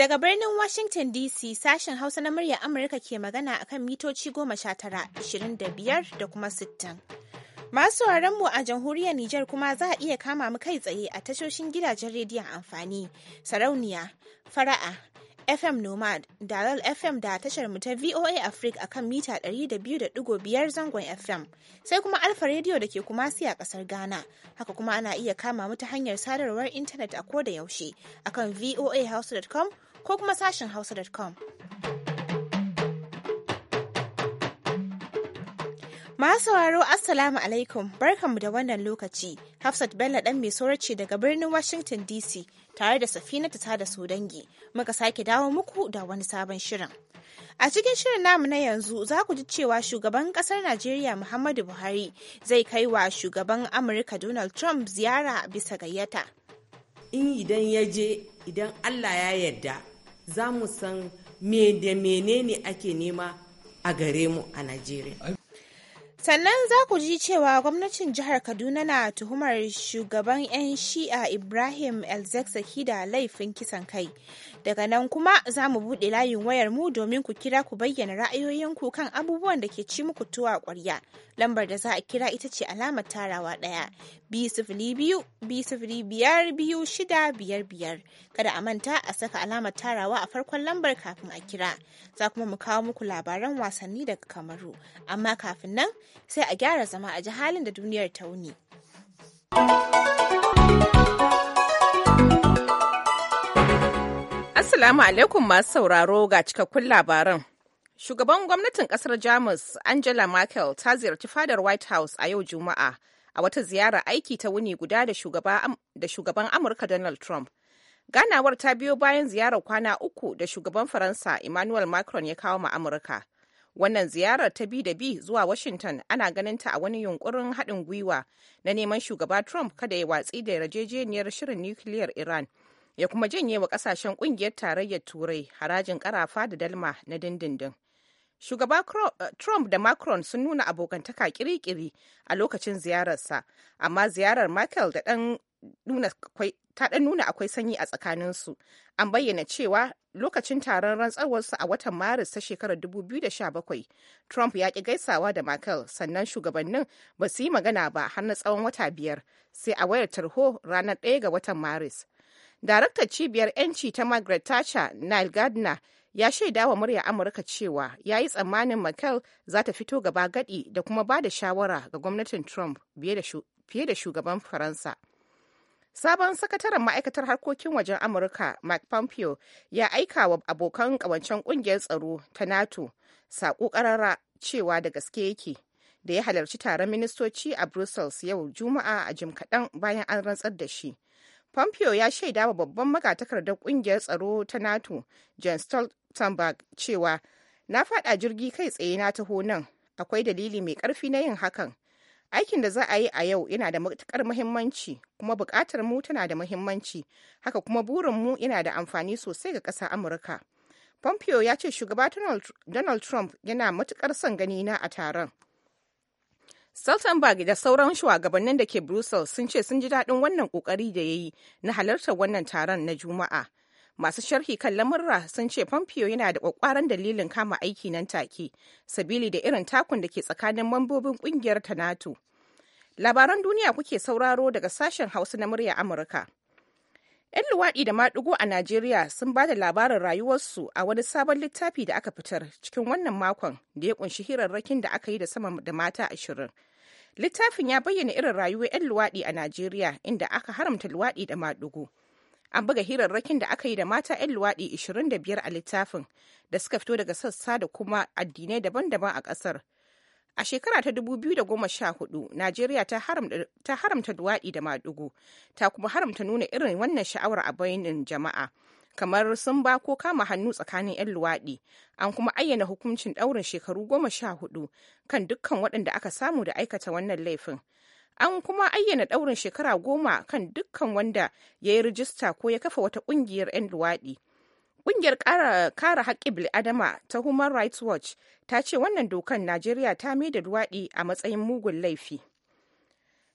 Daga birnin Washington DC sashen Hausa na murya Amurka ke magana akan mitoci goma sha tara, ishirin da biyar da kuma sittin. Masu mu a jamhuriyar Nijar kuma za a iya kama mu kai tsaye a tashoshin gidajen rediyon amfani, sarauniya, fara'a, FM Nomad, Dalal FM da tashar mu ta VOA Africa akan mita 200.5 zangon FM, sai kuma Alfa rediyo da ke kuma a kasar Ghana. Haka kuma ana iya kama mu ta hanyar sadarwar intanet a koda yaushe akan voahouse.com. ko kuma sashen hausa.com. Masu sauraro Assalamu alaikum barkanmu da wannan lokaci. Hafsat Bello ɗan mai ce daga birnin Washington DC tare da safina ta da su dangi muka sake dawo muku da wani sabon shirin. A cikin shirin namu na yanzu za ku ji cewa shugaban ƙasar Najeriya Muhammadu Buhari zai kai wa shugaban Amurka Donald Trump ziyara bisa gayyata. In idan ya je idan Allah ya yarda za mu san me da menene ake nema a gare mu a Najeriya. Sannan za ku ji cewa gwamnatin jihar Kaduna na tuhumar shugaban 'yan shi'a Ibrahim Elzek da laifin kisan kai. Daga nan kuma za mu buɗe layin wayar mu domin ku kira ku bayyana ra'ayoyinku kan abubuwan da ke ci muku tuwa ƙwarya. Lambar da za a kira ita ce alamar tarawa ɗaya. Bi biyu, biyar shida biyar biyar. Kada a manta a saka alamar tarawa a farkon lambar kafin a kira. Za kuma mu kawo muku labaran wasanni daga Kamaru. Amma kafin nan sai a gyara zama a ji halin da duniyar ta wuni. Assalamu alaikum masu sauraro ga cikakkun labaran. Shugaban gwamnatin kasar Jamus Angela Merkel ta ziyarci fadar White House a yau Juma'a a wata ziyara aiki ta wuni guda da shugaban Amurka Donald Trump. Ganawar ta biyo bayan ziyarar kwana uku da shugaban Faransa Emmanuel Macron ya kawo ma Amurka. Wannan ziyarar ta bi da bi zuwa Washington ana ganin ta a wani yunkurin haɗin gwiwa na neman shugaba Trump kada ya watsi da yarjejeniyar shirin nukiliyar Iran ya kuma janye wa kasashen kungiyar tarayyar turai harajin karafa da dalma na dindindin shugaba eh, trump da macron sun nuna abokantaka kirikiri a lokacin ziyararsa amma ziyarar merkel da dan nuna ta dan nuna akwai sanyi a tsakaninsu an bayyana cewa lokacin taron rantsawarsu a watan maris ta shekarar 2017 trump ya ki gaisawa da merkel sannan shugabannin ba su yi magana ba har na tsawon wata biyar sai a wayar tarho ranar 1 ga watan maris Daraktar cibiyar 'yanci ta Margaret Thatcher, Nile Gardner, ya shaida wa murya Amurka cewa ya yi tsammanin Merkel za ta fito gaba gadi da kuma ba da shawara ga gwamnatin Trump fiye da shugaban Faransa. Sabon sakataren ma'aikatar harkokin wajen Amurka, Mike Pompeo, ya aika wa abokan kawancen ƙungiyar tsaro ta NATO saƙo ƙarara cewa da gaske yake da ya halarci taron ministoci a Brussels yau Juma'a a jim kaɗan bayan an rantsar da shi. Pompeo ya shaida wa babban magatakardar kungiyar tsaro ta NATO, John Stoltenberg, cewa na fada jirgi kai tsaye na taho nan, akwai dalili mai karfi na yin hakan. Aikin da za a yi a yau yana da matukar muhimmanci kuma bukatar mu tana da muhimmanci, haka kuma burin mu yana da amfani sosai ga ƙasa Amurka. Pompeo ya ce shugaba Donald Trump yana matukar son gani na a taron. Stoltenberg da sauran shugabannin da ke Brussels sun ce sun ji daɗin wannan ƙoƙari da ya yi na halartar wannan taron na Juma'a. Masu sharhi kan lamurra sun ce Pompeo yana da ƙwaƙwaran dalilin kama aiki nan take, sabili da irin takun da ke tsakanin mambobin ƙungiyar ta NATO. Labaran duniya kuke sauraro daga sashen Hausa na murya Amurka. 'Yan luwaɗi da maɗigo a Najeriya sun ba da labarin rayuwarsu a wani sabon littafi da aka fitar cikin wannan makon da ya ƙunshi hirarrakin da aka yi da sama da mata ashirin. Littafin ya bayyana irin rayuwar 'yan luwaɗi a Najeriya inda aka haramta luwaɗi da maɗugo. An buga hirarrakin da aka yi da mata 'yan luwaɗi 25 a littafin da suka fito daga sassa da kuma addinai daban-daban a ƙasar. A shekara ta 2014, Najeriya ta haramta luwaɗi da maɗugo, ta kuma haramta nuna irin wannan sha'awar a bayanin jama'a. kamar sun ba ko kama hannu tsakanin 'yan luwaɗi an kuma ayyana hukuncin ɗaurin shekaru goma sha hudu kan dukkan waɗanda aka samu da aikata wannan laifin an kuma ayyana ɗaurin shekara goma kan dukkan wanda ya yi rijista ko ya kafa wata ƙungiyar 'yan luwaɗi Ƙungiyar kare haƙƙin bil'adama ta Human Rights Watch ta ce wannan dokan Najeriya ta da luwaɗi a matsayin mugun laifi.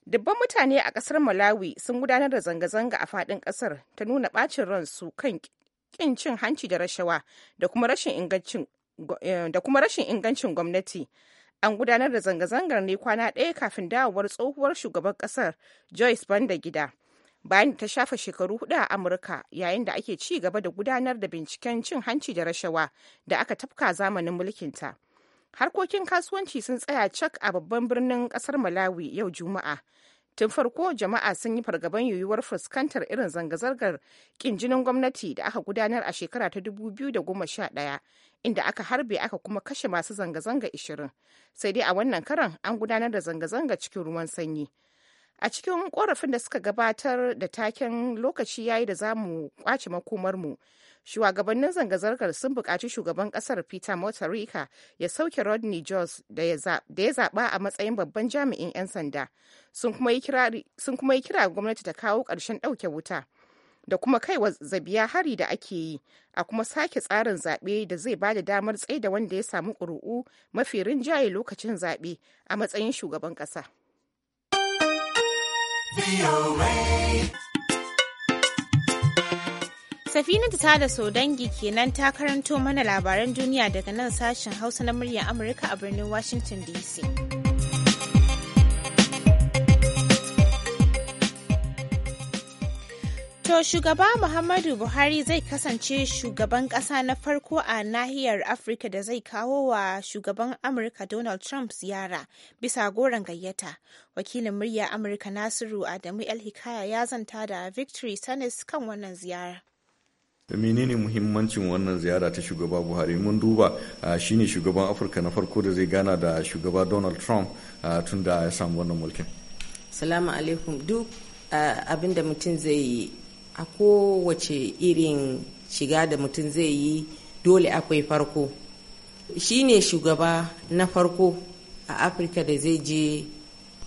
Dubban mutane a ƙasar Malawi sun gudanar da zanga-zanga a faɗin ƙasar ta nuna ɓacin ransu kan ƙin cin hanci da rashawa eh, da kuma rashin ingancin gwamnati. An gudanar da zanga-zangar ne kwana ɗaya kafin dawowar tsohuwar shugaban ƙasar Joyce Banda gida. Bayan ta shafa shekaru hudu a Amurka yayin da ake ci gaba da gudanar da binciken cin hanci da rashawa da aka tafka zamanin mulkinta. Harkokin kasuwanci sun tsaya cak a babban birnin ƙasar Malawi yau Juma'a. tun farko jama'a sun yi fargaban yiwuwar fuskantar irin zanga-zangar kin jinin gwamnati da aka gudanar a shekara ta 2011 inda aka harbe aka kuma kashe masu zanga-zanga 20 sai dai a wannan karan an gudanar da zanga-zanga cikin ruwan sanyi a cikin korafin da suka gabatar da taken lokaci yayi da za mu kwace makomarmu shugabannin zanga-zangar sun buƙaci shugaban ƙasar peter mutharika ya sauke rodney jones da ya zaɓa a matsayin babban jami'in 'yan sanda sun kuma yi kira gwamnati ta kawo ƙarshen ɗauke wuta da kuma kaiwa zabiya hari da ake yi a kuma sake tsarin zaɓe da zai ba da damar tsaida wanda ya samu ƙuri'u mafi rinjaye lokacin zaɓe a matsayin shugaban ƙasa. Safina ta da dangi kenan ta karanto mana labaran duniya daga nan sashen Hausa na muryar Amurka a birnin Washington DC. To shugaba Muhammadu Buhari zai kasance shugaban ƙasa na farko a nahiyar Afirka da zai kawo wa shugaban Amurka Donald Trump ziyara bisa goron gayyata. Wakilin murya Amurka Nasiru Adamu El Hikaya ya zanta da Victory Sanis kan wannan ziyara. menene muhimmancin wannan ziyara ta shugaba buhari mun duba ah, shine shugaban afirka na farko da zai gana da shugaba donald trump ah, tun da ya samu wannan mulkin salamu alaikum duk ah, abinda mutum zai yi a kowace irin shiga da mutum zai yi dole akwai farko shine shugaba na farko a afirka da zai je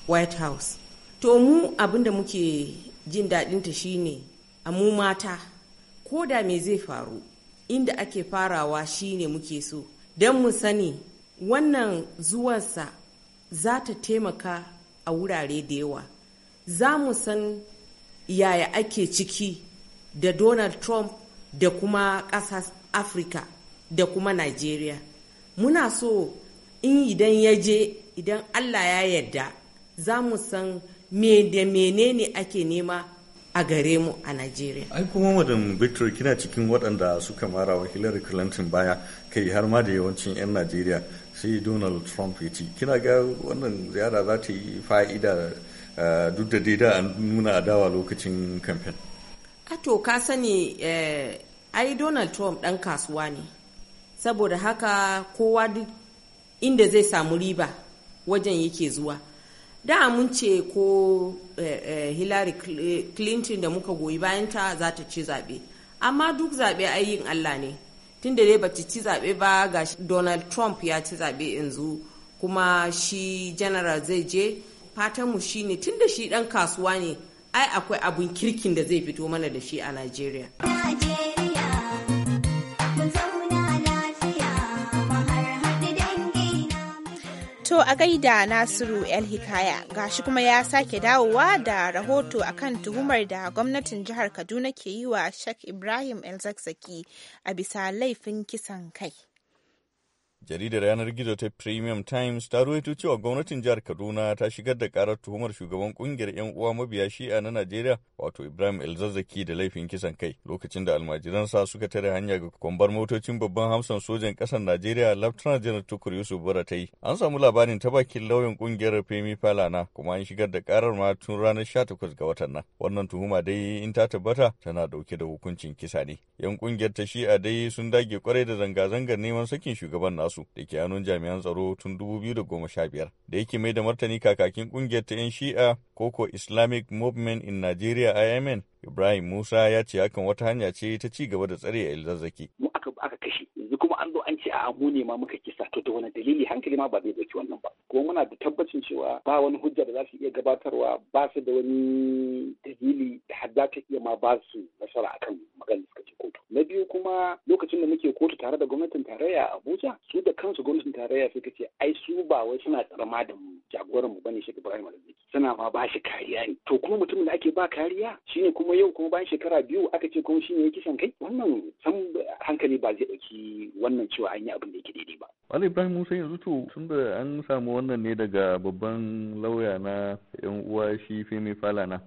white house to mu abin da muke jin daɗinta shine a mu mata ko da me zai faru inda ake farawa shine muke so don mu sani wannan zuwansa za ta taimaka a wurare da yawa za mu san yaya ake ciki da donald trump da kuma ƙasar afirka da kuma nigeria muna so in idan ya je idan allah ya yarda za mu san me da menene ake nema a gare mu a Najeriya. Ai kuma madam Victor kina cikin waɗanda suka mara wa Hillary Clinton baya kai har ma da yawancin 'yan Najeriya sai Donald Trump ya ci. Kina ga wannan ziyara za ta yi fa'ida eh, duk da daida a nuna adawa lokacin kamfen. Ato ka sani eh, ai Donald Trump ɗan kasuwa ne. Saboda haka kowa duk inda zai samu riba wajen yake zuwa. da mun ce ko eh, eh, hillary eh, clinton da muka goyi bayanta za ta ci zaɓe amma duk zaɓe yin allah ne tun da dai bata ci zaɓe ba ga donald trump ya ci zaɓe yanzu kuma shi general zai je fatanmu ne tun da shi ɗan kasuwa ne ai akwai abin kirkin da zai fito mana da shi a nigeria. To a gaida Nasiru El Hikaya gashi kuma ya sake dawowa da rahoto akan tuhumar da gwamnatin jihar Kaduna ke yi wa Sheikh Ibrahim El Zakzaki a bisa laifin kisan kai. Jaridar yanar gizo ta Premium Times ta ruwaito cewa gwamnatin jihar Kaduna ta shigar da karar tuhumar shugaban kungiyar 'yan uwa mabiya shi'a na Najeriya wato Ibrahim Elzazzaki da laifin kisan kai lokacin da almajiransa suka tare hanya ga kwambar motocin babban hamsan sojan ƙasar Najeriya Laftana Janar Tukur Yusuf Bura ta yi. An samu labarin ta bakin lauyan kungiyar Femi Falana kuma an shigar da karar ma tun ranar takwas ga watan nan. Wannan tuhuma dai in ta tabbata tana dauke da hukuncin kisa ne. 'Yan kungiyar ta shi'a dai sun dage kwarai da zanga-zangar neman sakin shugaban na su da ke hannun jami'an tsaro tun 2015 da yake mai da martani kakakin kungiyar ta 'yan Shi'a koko Islamic Movement in Nigeria IMN Ibrahim Musa ya ce hakan wata hanya ce ta ci gaba da tsare Elzazzaki. Mu aka aka kashe yanzu kuma an zo an ce a mu ne ma muka kisa to da wani dalili hankali ma ba zai dauki wannan ba. Kuma muna da tabbacin cewa ba wani hujja da za su iya gabatarwa ba su da wani dalili da har za ta iya ma ba su nasara akan maganar suka ce kotu. Na biyu kuma lokacin da muke kotu tare da gwamnatin tarayya a Abuja su da kansu gwamnatin tarayya sai suka ce ai su ba wai suna tsarama da mu jagoran ba ne shi Ibrahim Alhaji. suna ma ba shi kariya ne. To kuma mutumin da ake ba kariya shine kuma kuma yau kuma bayan shekara biyu aka ce kuma shine ya kisan kai wannan san hankali ba zai dauki wannan cewa an yi abin da yake daidai ba. Ali Ibrahim Musa yanzu to tun da an samu wannan ne daga babban lauya na yan uwa shi Femi Falana.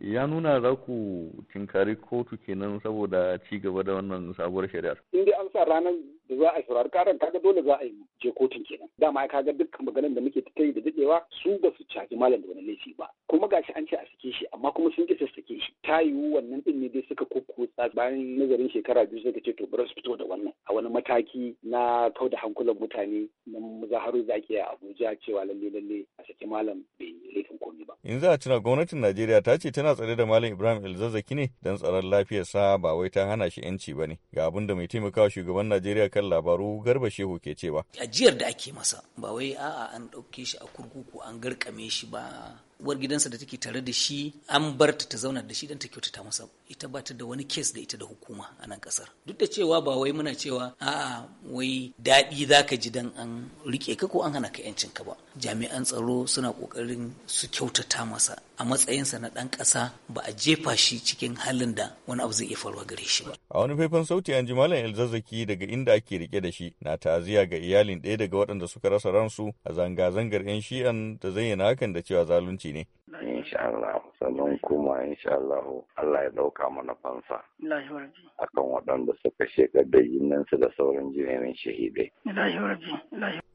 Ya nuna za ku tinkari kotu kenan saboda ci gaba da wannan sabuwar shari'ar. In dai an sa ranar da za a yi saurari karan kaga dole za a yi je kotun kenan dama kaga dukkan maganar da muke tattali da dadewa su ba su caji malam da wani laifi ba kuma gashi an ce a sake shi amma kuma sun ki sake shi ta yiwu wannan din ne dai suka kukkutsa bayan nazarin shekara biyu suka ce to bari su fito da wannan a wani mataki na kau da hankulan mutane na muzaharu za ke Abuja cewa lalle lalle a saki malam bai laifin komai ba. in za a tuna gwamnatin Najeriya ta ce tana tsare da malam Ibrahim Elzazzaki ne don tsaron lafiyarsa ba wai ta hana shi yanci ba ne. Ga abin da mai taimakawa shugaban Najeriya kan labaru Garba Shehu ke cewa. Ajiyar da ake masa ba wai a'a an ɗauke shi a kurkuku an garkame shi ba uwar gidansa da take tare da shi an bar ta ta zauna da shi dan ta kyautata masa ita ba ta da wani kes da ita da hukuma a nan kasar duk da cewa ba wai muna cewa a'a wai daɗi zaka ji dan an rike ka ko an hana ka yancin ka ba jami'an tsaro suna kokarin su kyautata masa a matsayinsa na ɗan ƙasa ba a jefa shi cikin halin da wani abu zai iya faruwa gare shi ba A wani faifan sauti an ji Malam Elzazzaki daga inda ake rike da shi na ta'aziyya ga iyalin ɗaya daga waɗanda suka rasa ransu a zanga-zangar 'yan shi'an da zayyana hakan da cewa zalunci ne. insha Allah sannan kuma insha Allah Allah ya dauka mana fansa akan waɗanda suka shekar da su da sauran jinirin shahidai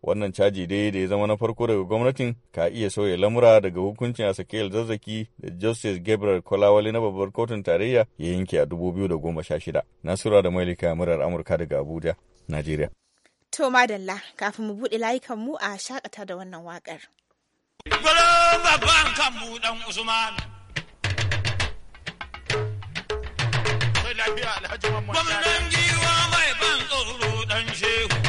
wannan caji dai da ya zama na farko daga gwamnatin ka iya sauya lamura daga hukuncin a sake zazzaki da justice gabriel kolawale na babbar kotun tarayya ya yanke a 2016 nasura da mailika murar amurka daga abuja najeriya to madalla kafin mu buɗe layukan mu a shakata da wannan wakar. Gwalo babban kan buɗan Usman. Gwamnan giwa mai ban tsoro ɗan shehu.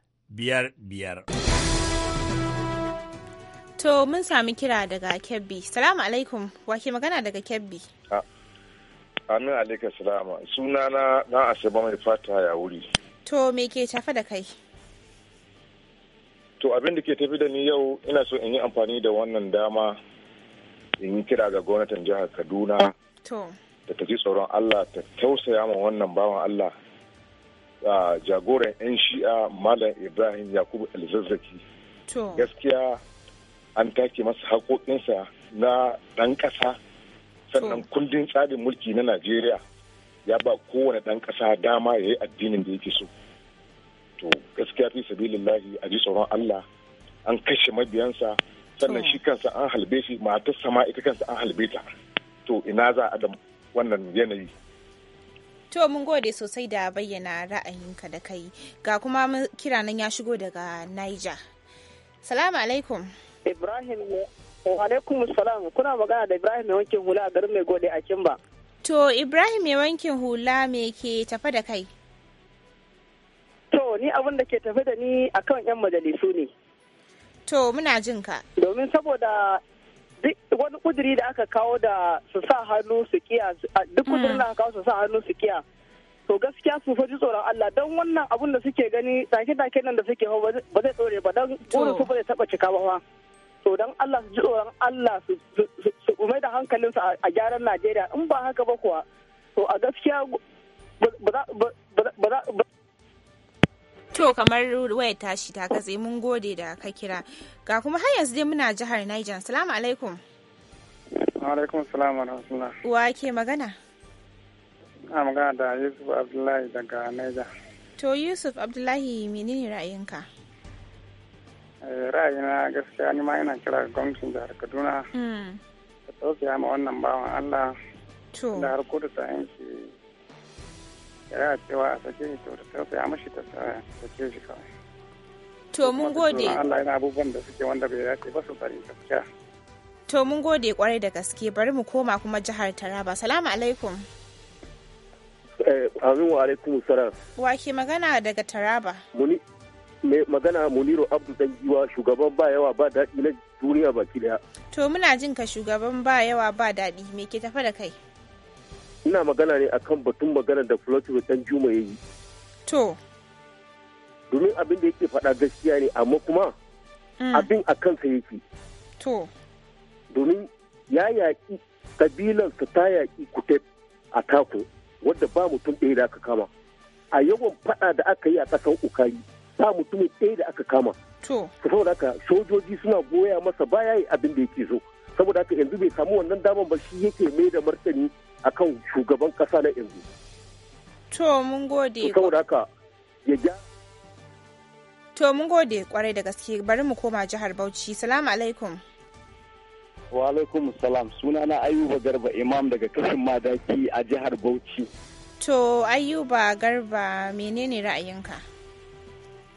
biyar biyar. To mun sami kira daga Kebbi. Salamu alaikum, wake magana daga Kebbi. Amin alaika salama. Suna na dan Asaba mai fata ya wuri. To me ke tafa da kai? To abin da ke tafi da ni yau ina so in yi amfani da wannan dama in yi kira ga gwamnatin jihar Kaduna. To. Da ta ji tsoron Allah ta tausaya ma wannan bawan Allah jagoran 'yan shi'a malam ibrahim yakubu alzazzaki gaskiya an take masa haƙoƙinsa na ɗan ƙasa sannan kundin tsarin mulki na najeriya ya ba kowane ɗan ƙasa dama ya yi addinin da yake so to gaskiya fi sabilillahi a ji tsoron allah an kashe mabiyansa sannan shi kansa an halbe shi matarsa ma ita kansa an halbe ta to ina za a da wannan yanayi To mun gode sosai da bayyana ra'ayinka da kai ga kuma kira nan ya shigo daga Niger. Salamu alaikum. Ibrahim ne. alaikum salam kuna magana da Ibrahim mai wankin hula a garin mai gode a Kimba. To Ibrahim mai wankin hula me ke tafa da kai? To ni abin da ke tafi da ni akan 'yan majalisu ne. To muna jin ka. Domin saboda kuduri da aka kawo da su sa hannu su kiya duk kudurin da aka kawo su sa hannu su kiya to gaskiya su faji tsoron Allah don wannan abun da suke gani take-take nan da suke ba zai tsore ba don burin su ba zai taba cika ba to don Allah su ji tsoron Allah su mai da su a gyaran Najeriya in ba haka ba kuwa to a gaskiya ba za To kamar waya tashi ta katse mun gode da ka kira ga kuma har yanzu dai muna jihar Niger. Salamu alaikum. alaikum salam wa rahmatullah wa ke magana a magana da yusuf abdullahi daga naija to yusuf abdullahi menene ra'ayinka eh, ra'ayina gaskiya ni ma yana kira gwamnatin jihar kaduna ta hmm. tsofiya ma wannan bawan allah da har kudu ta yanki ya cewa a sake shi to ta tausaya mashi ta sake shi kawai to mun gode Allah yana abubuwan da suke wanda bai dace ba su bari gaskiya To mun gode kwarai da gaske bari mu koma kuma jihar Taraba. Salamu alaikum. Eh, amin wa alaikum salam. Wa ke magana daga Taraba? Muni magana Muniru Abdu dan giwa shugaban ba yawa ba daɗi na duniya baki daya. To muna jin ka shugaban ba yawa ba daɗi me ke tafa da kai? Ina magana ne akan batun magana da Flotu dan Juma yayi. To. Domin abin da yake faɗa gaskiya ne amma kuma mm. abin a kansa yake. To. domin ya yaƙi kabilarsa ta yaƙi kutep a taku wadda ba mutum ɗaya da aka kama a yawan faɗa da aka yi a ƙasar ukari ba mutum ɗaya da aka kama saboda haka sojoji suna goya masa baya yi abin da yake so saboda haka yanzu bai samu wannan damar ba shi yake mai da martani akan shugaban ƙasa na yanzu to mun gode saboda to mun gode kwarai da gaske bari mu koma jihar Bauchi salamu alaikum Wa alaikum salam sunana Ayuba Garba Imam daga kashin Madaki a jihar Bauchi. To Ayuba Garba menene ra'ayinka?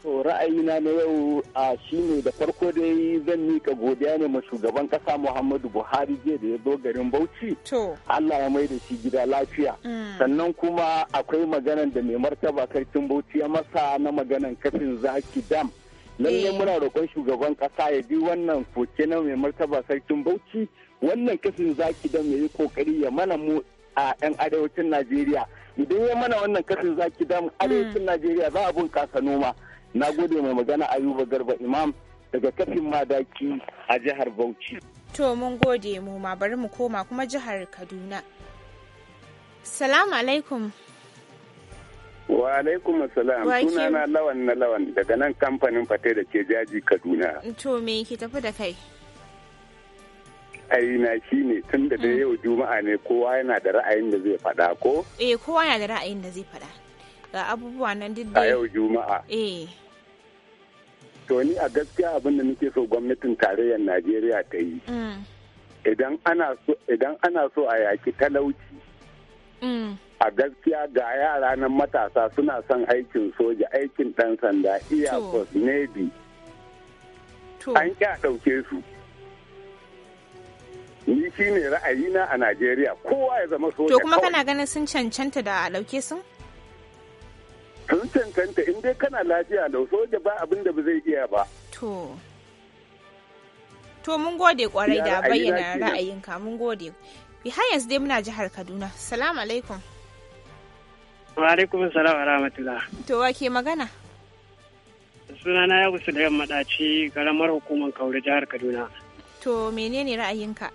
To ra'ayina na yau a shine da farko da dai zan mika godiya ne ma shugaban kasa Muhammadu Buhari je da ya zo garin Bauchi. To Allah ya mai da shi gida lafiya. Mm. Sannan kuma akwai maganan da mai martaba karfin Bauchi ya masa na maganan kafin zaki dam. lallai eh. muna roƙon shugaban ƙasa ya bi wannan foke na mai martaba sarkin bauchi wannan kasin zaki don ya yi kokari ya mana mu a 'yan arewacin najeriya idan ya mana wannan kasin zaki don hmm. arewacin najeriya za a bunƙasa noma na gode mai magana ayuba garba imam daga kafin madaki a jihar bauchi to mun gode mu ma bari mu koma kuma jihar kaduna salamu alaikum Wa alaikum assalam sunana lawan na lawan daga nan kamfanin fate da ke jaji Kaduna. To me ki tafi da kai? na shi ne tun da da mm. yau juma'a ne kowa yana da ra'ayin da zai faɗa ko? Eh kowa yana da ra'ayin da zai faɗa. Ga abubuwa nan duk da. A yau juma'a. Eh. To ni a gaskiya abin da nake so gwamnatin tarayyar Najeriya ta yi. Mm. Idan ana so a yaki talauci. Mm. a gaskiya ga yara nan matasa suna son aikin soja aikin ɗan sanda iya force navy an kya ɗauke su ni shi ne ra'ayina a najeriya kowa ya zama soja to kuma kana ganin sun cancanta da a ɗauke sun? sun cancanta in dai kana lafiya da soja ba abin da ba zai iya ba to to mun gode kwarai da bayyana ra'ayinka mun gode har yanzu dai muna jihar kaduna salamu alaikum Wa alaikum salam wa rahmatullah. To wa ke magana? Sunana ya gusu da maɗaci karamar hukumar Kauri jihar Kaduna. To menene ra'ayinka?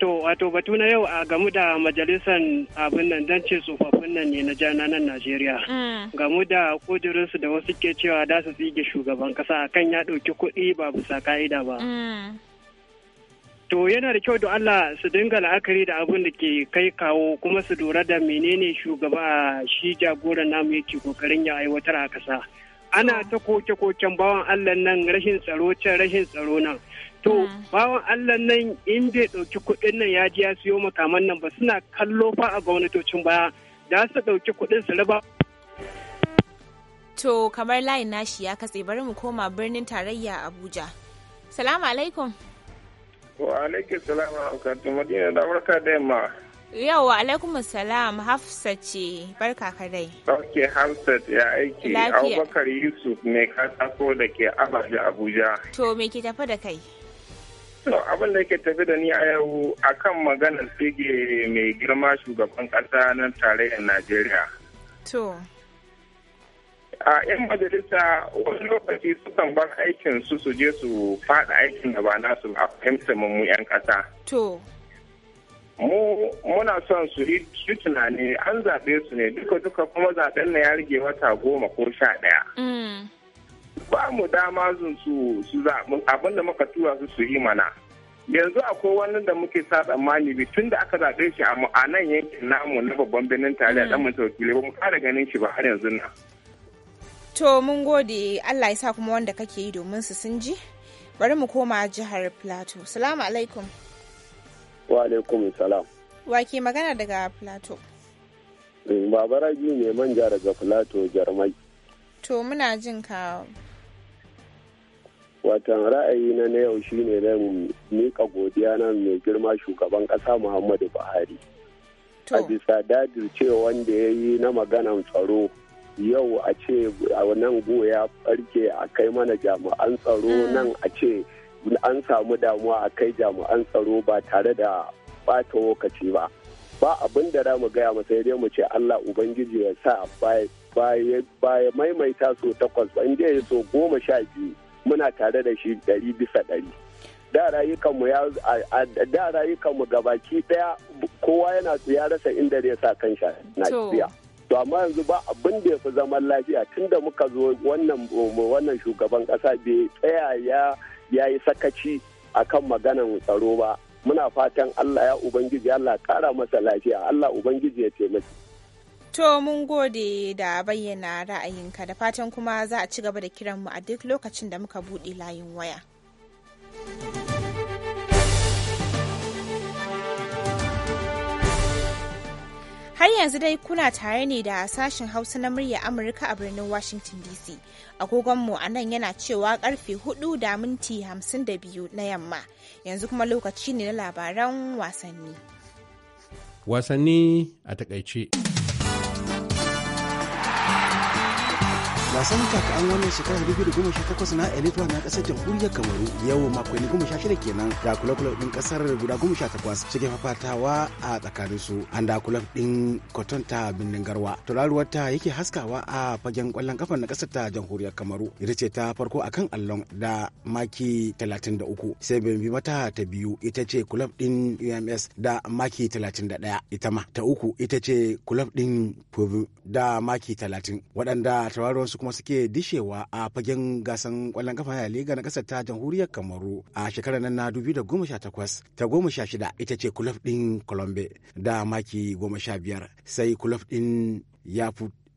To wato batu na yau a gamu da majalisar abin nan don ce tsofaffin nan ne na jananan Najeriya. Mm. Gamu da kudurinsu da wasu ke cewa da su tsige shugaban kasa akan ya ɗauki kuɗi ba bisa ka'ida ba. Mm. To yana da kyau da Allah su dinga la'akari da abin da ke kai kawo kuma su lura da menene shugaba shi jagoran namu yake kokarin ya aiwatar a kasa. Ana ta koke-koken bawan Allah nan rashin tsaro can rashin tsaro nan. To hmm. bawan Allah nan in bai ɗauki kuɗin nan ya ji ya siyo makaman nan ba suna kallo fa a gwamnatocin baya da su ɗauki kuɗin su raba To kamar layin nashi ya katse bari mu koma birnin tarayya Abuja. Salamu alaikum. Wa alaikum salam wa Madina da barka da yamma. Yau wa alaikum salam Hafsa ce barka ka dai. Ok Hafsat ya aiki Abubakar Yusuf ne katako da ke Abaja Abuja. To me ke tafi da kai? To abin da ke tafi da ni a yau akan maganar fige mai girma shugaban kasa na tarayyar Najeriya. To. a 'yan majalisa wani lokaci sukan bar aikin su su je su fada aikin da ba nasu a fahimtar mu 'yan ƙasa. To. Mu muna son su yi tunani an zaɓe su ne duka duka kuma zaɓen na ya rage wata goma ko sha ɗaya. Mm. Ba mu dama su su zaɓi abin da muka tura su su yi mana. yanzu akwai wani da muke sa tsammani bi tun da aka zaɓe shi a nan yankin namu na babban birnin tarayya dan mm. mutum wakilai ba mu kara ganin shi ba har yanzu na. To mun gode Allah ya sa kuma wanda kake yi domin su sun ji. Bari mu koma jihar Plateau. Salamu alaikum. Wa alaikum salam. Wa ke magana daga Plateau? Eh, Baba ji ne manja daga Plateau Jarmai. To muna jin ka. Watan ra'ayi na na yau shine na mika godiya na mai girma shugaban ƙasa Muhammadu Buhari. A bisa cewa wanda ya yi na maganan tsaro yau a ce a wannan go ya barke a kai mana jami'an tsaro mm. nan a ce an samu damuwa a kai jami'an tsaro ba tare da bata lokaci ba ba abin da za mu gaya mu sai dai mu ce Allah ubangiji ya sa ba ya maimaita so takwas ba inda ya so goma sha biyu muna tare da shi dari bisa ɗari da rayukanmu ya da rayukanmu gabaki daya kowa yana su ya rasa inda zai sa kan sha Najeriya to amma yanzu ba abin da ya fi zaman lafiya tunda muka zo wannan wannan shugaban kasa bai tsaya ya ya yi sakaci akan maganan tsaro ba muna fatan Allah ya ubangiji Allah kara masa lafiya Allah ubangiji ya taimaki To mun gode da bayyana ra'ayinka da fatan kuma za a ci gaba da mu a duk lokacin da muka buɗe layin waya. Har yanzu dai kuna tare ne da sashen Hausa na murya Amurka a birnin Washington DC. Agogonmu a nan yana cewa karfe 4 da minti 52 na yamma. Yanzu kuma lokaci ne na labaran wasanni. Wasanni a takaice. wasan an wannan shekarar 2018 na elitra na kasar jamhuriyar kamaru yau makonni 16 kenan da kula-kula din kasar guda 18 suke fafatawa a tsakanin su an da kula din cotton ta birnin garwa tauraruwar ta yake haskawa a fagen kwallon kafa na kasar ta jamhuriyar kamaru ita ce ta farko akan allon da maki 33 sai bi mata ta biyu ita ce kula din ums da maki 31 ita ma ta uku ita ce kula din da maki 30 waɗanda tauraruwar su kuma suke dishewa a fagen gasan kwallon kafa na liga na kasar ta jamhuriyar kamaru a shekarar nan na 2018 ta goma sha shida ita ce kulaf din colombe da maki goma sha biyar sai kulaf din ya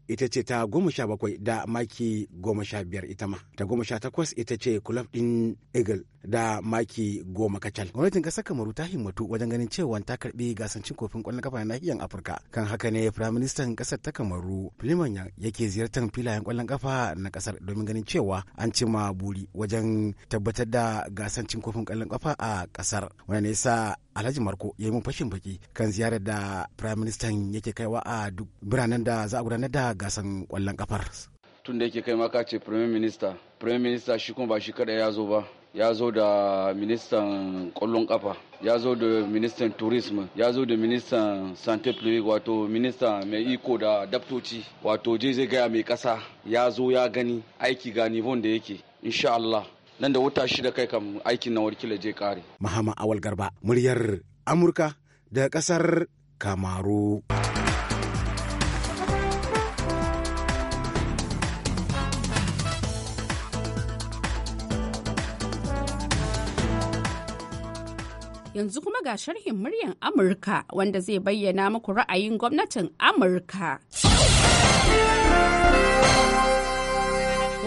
ita ce ta goma sha bakwai da maki goma sha biyar ita ma ta goma sha takwas ita ce kulaf din eagle da maki goma kacal. Gwamnatin ƙasar Kamaru ta himmatu wajen ganin cewa ta karbi gasar cin kofin ƙwallon kafa na nahiyar Afirka. Kan haka ne firayim ministan ƙasar ta Kamaru Filiman yake ziyartar filayen ƙwallon kafa na ƙasar domin ganin cewa an ci ma buri wajen tabbatar da gasar kofin ƙwallon kafa a ƙasar. wani ya sa Alhaji Marko ya yi mun fashin baki kan ziyarar da firayim ministan yake kaiwa a duk biranen da za a gudanar da gasan kwallon kafar. Tun da yake kai maka ce firayim minista firayim minista shi kuma ba shi kada ya zo ba. ya zo da ministan kwallon kafa ya zo da ministan tourism ya zo da ministan sante public wato minista mai iko da daftoci wato je zai gaya mai kasa ya zo ya gani aiki ga nivon da yake insha Allah nan da wuta shi da kai kam aikin na warkila je kare Mahama Awal Garba muryar Amurka da kasar Kamaru. Yanzu kuma ga sharhin muryan Amurka wanda zai bayyana muku ra'ayin gwamnatin Amurka.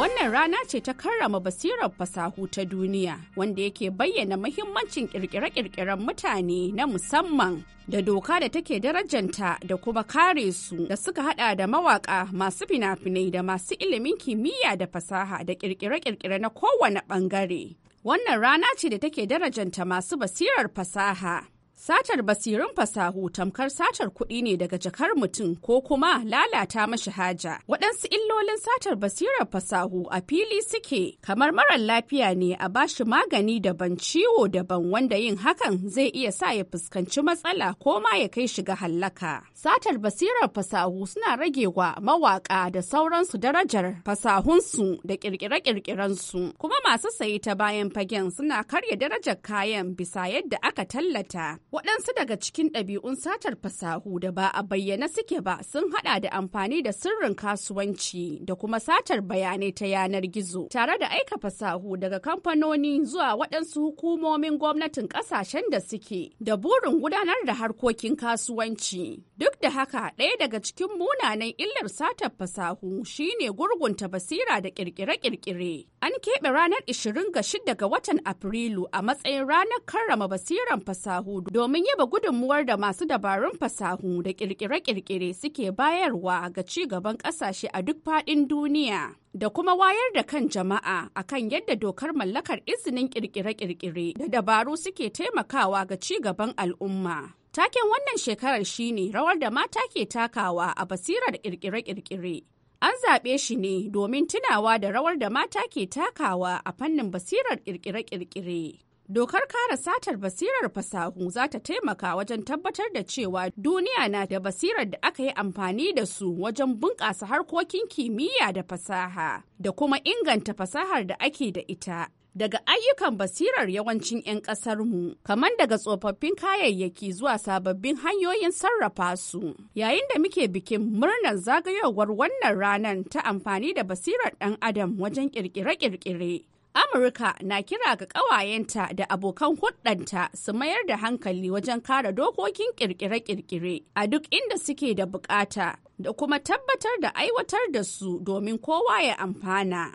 Wannan rana ce ta karrama basirar fasahu ta duniya wanda yake bayyana mahimmancin kirkire-kirkiren mutane na musamman da doka da take darajanta da kuma kare su da suka hada da mawaka masu fina-finai da masu ilimin kimiyya da fasaha da kirkire-kirkire na kowane bangare. Wannan rana ce da take darajanta masu basirar fasaha. Satar basirin fasahu tamkar satar kuɗi ne daga jakar mutum ko kuma lalata mashi haja. Waɗansu illolin satar basirar fasahu a fili suke kamar marar lafiya ne a bashi magani daban ciwo daban wanda yin hakan zai iya sa ya fuskanci matsala ko ma ya kai shiga hallaka. Satar basirar fasahu suna rage wa mawaƙa da sauransu darajar fasahunsu da ƙirƙire-ƙirƙirensu kuma masu saye ta bayan fagen suna karya darajar kayan bisa yadda aka tallata. Waɗansu daga cikin ɗabi'un satar fasahu da ba a bayyana suke ba sun haɗa da amfani da sirrin kasuwanci da kuma satar bayanai ta yanar gizo tare da aika fasahu daga kamfanoni zuwa waɗansu hukumomin gwamnatin ƙasashen da suke da burin gudanar da harkokin kasuwanci. Duk da haka ɗaya daga cikin munanan illar satar fasahu shine gurgunta basira da ƙirƙire-ƙirƙire. An keɓe ranar 26 ga watan Afrilu a matsayin ranar karrama basiran fasahu domin yaba gudunmuwar da masu dabarun fasahu da kirkire-kirkire suke bayarwa ga ci gaban ƙasashe a duk faɗin duniya da kuma wayar da kan jama'a a kan yadda dokar mallakar izinin kirkire-kirkire da dabaru suke taimakawa ga ci gaban al'umma. Taken wannan shekarar shine rawar da mata ke takawa a basirar kirkire-kirkire. An zaɓe shi ne domin tunawa da rawar da mata ke takawa a fannin basirar kirkire-kirkire. Dokar kare satar basirar fasahu za ta taimaka wajen tabbatar da cewa duniya na da basirar da aka yi amfani da su wajen bunƙasa harkokin kimiyya da fasaha da kuma inganta fasahar da ake da ita. Daga ayyukan basirar yawancin 'yan ƙasarmu, kamar daga tsofaffin kayayyaki zuwa sababbin hanyoyin sarrafa su. Yayin da muke bikin murnar zagayowar wannan ranar ta amfani da basirar ɗan adam wajen ƙirƙire-ƙirƙire. Amurka na kira ga ƙawayenta da abokan hudanta su mayar da hankali wajen kare dokokin kirkire-kirkire a duk inda suke da bukata da kuma tabbatar da aiwatar da su domin kowa ya amfana.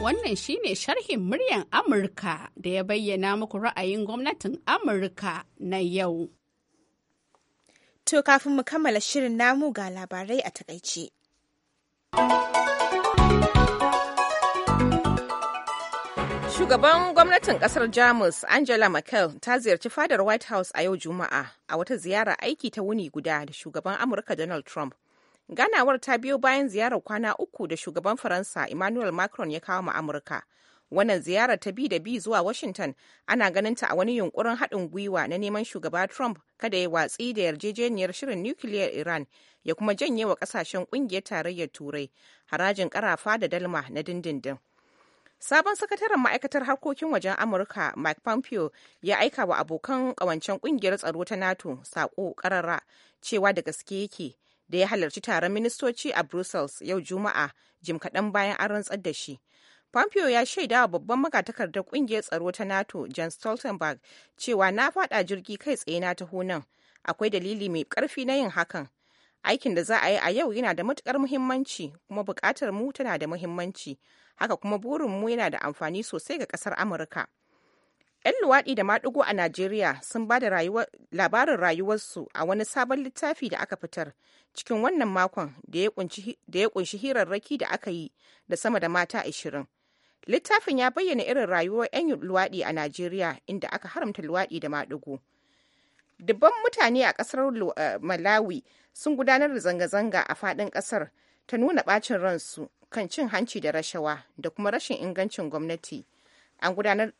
Wannan shine sharhin muryan Amurka da ya bayyana muku ra'ayin gwamnatin Amurka na yau. To kafin mu kammala shirin namu ga labarai a takaice. Shugaban gwamnatin kasar Jamus Angela Merkel ta ziyarci fadar White House a yau Juma'a a wata ziyara aiki ta wuni guda da shugaban Amurka Donald Trump. Ganawar ta biyo bayan ziyarar kwana uku da shugaban Faransa Emmanuel Macron ya kawo ma Amurka. Wannan ziyarar ta bi da bi zuwa Washington ana ganin ta a wani yunkurin haɗin gwiwa na neman shugaba Trump kada ya watsi da yarjejeniyar shirin nukiliyar Iran ya kuma janye wa ƙasashen ƙungiyar tarayyar Turai harajin ƙarafa da dalma na dindindin. Sabon sakataren ma'aikatar harkokin wajen Amurka Mike Pompeo ya aika wa abokan kawancen kungiyar tsaro ta NATO sako karara cewa da gaske yake da ya halarci taron ministoci a Brussels yau Juma'a jim kaɗan bayan an rantsar da shi. Pompeo ya shaida wa babban magatakardar kungiyar tsaro ta NATO John Stoltenberg cewa na faɗa jirgi kai tsaye na taho nan. Akwai dalili mai ƙarfi na yin hakan. Aikin da za a yi a yau yana da matukar muhimmanci kuma bukatar mu tana da muhimmanci. Haka kuma burin mu yana da amfani sosai ga ƙasar Amurka. 'Yan luwaɗi da maɗigo a Najeriya sun ba da labarin rayuwarsu a wani sabon littafi da aka fitar cikin wannan makon da ya kunshi hirarraki da aka yi da sama da mata ashirin. Littafin ya bayyana irin rayuwar 'yan luwaɗi a Najeriya inda aka haramta luwaɗi da maɗigo. Dubban mutane a kasar eh, Malawi sun gudanar da zanga-zanga a fadin kasar ta nuna bacin ransu kan cin hanci da rashawa da kuma rashin ingancin gwamnati. An gudanar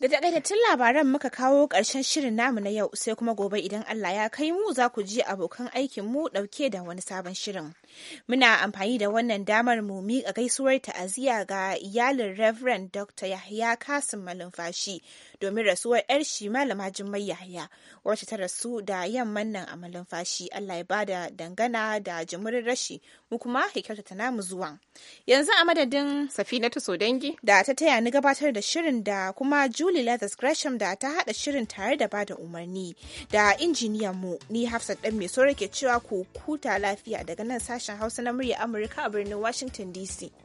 Da takaitattun labaran muka kawo ƙarshen shirin namu na yau sai kuma gobe idan Allah ya kai mu za ku ji abokan aikin mu ɗauke da wani sabon shirin. Muna amfani da wannan damar mu miƙa gaisuwar ta'aziyya ga iyalin Reverend Dr. Yahya Kasim Malumfashi domin rasuwar 'yar shi malama Jummai Yahaya wacce ta rasu da yamman nan a malumfashi Allah ya bada dangana da jimurin rashi mu kuma ya ta namu zuwa. Yanzu a madadin Safinatu Sodangi da ta taya ni gabatar da shirin da kuma Julie Leathers Gresham da ta hada shirin tare da bada umarni da injiniyan mu ni Hafsat dan mai ke cewa ku kuta lafiya daga nan sashen Hausa na murya Amurka a birnin Washington DC.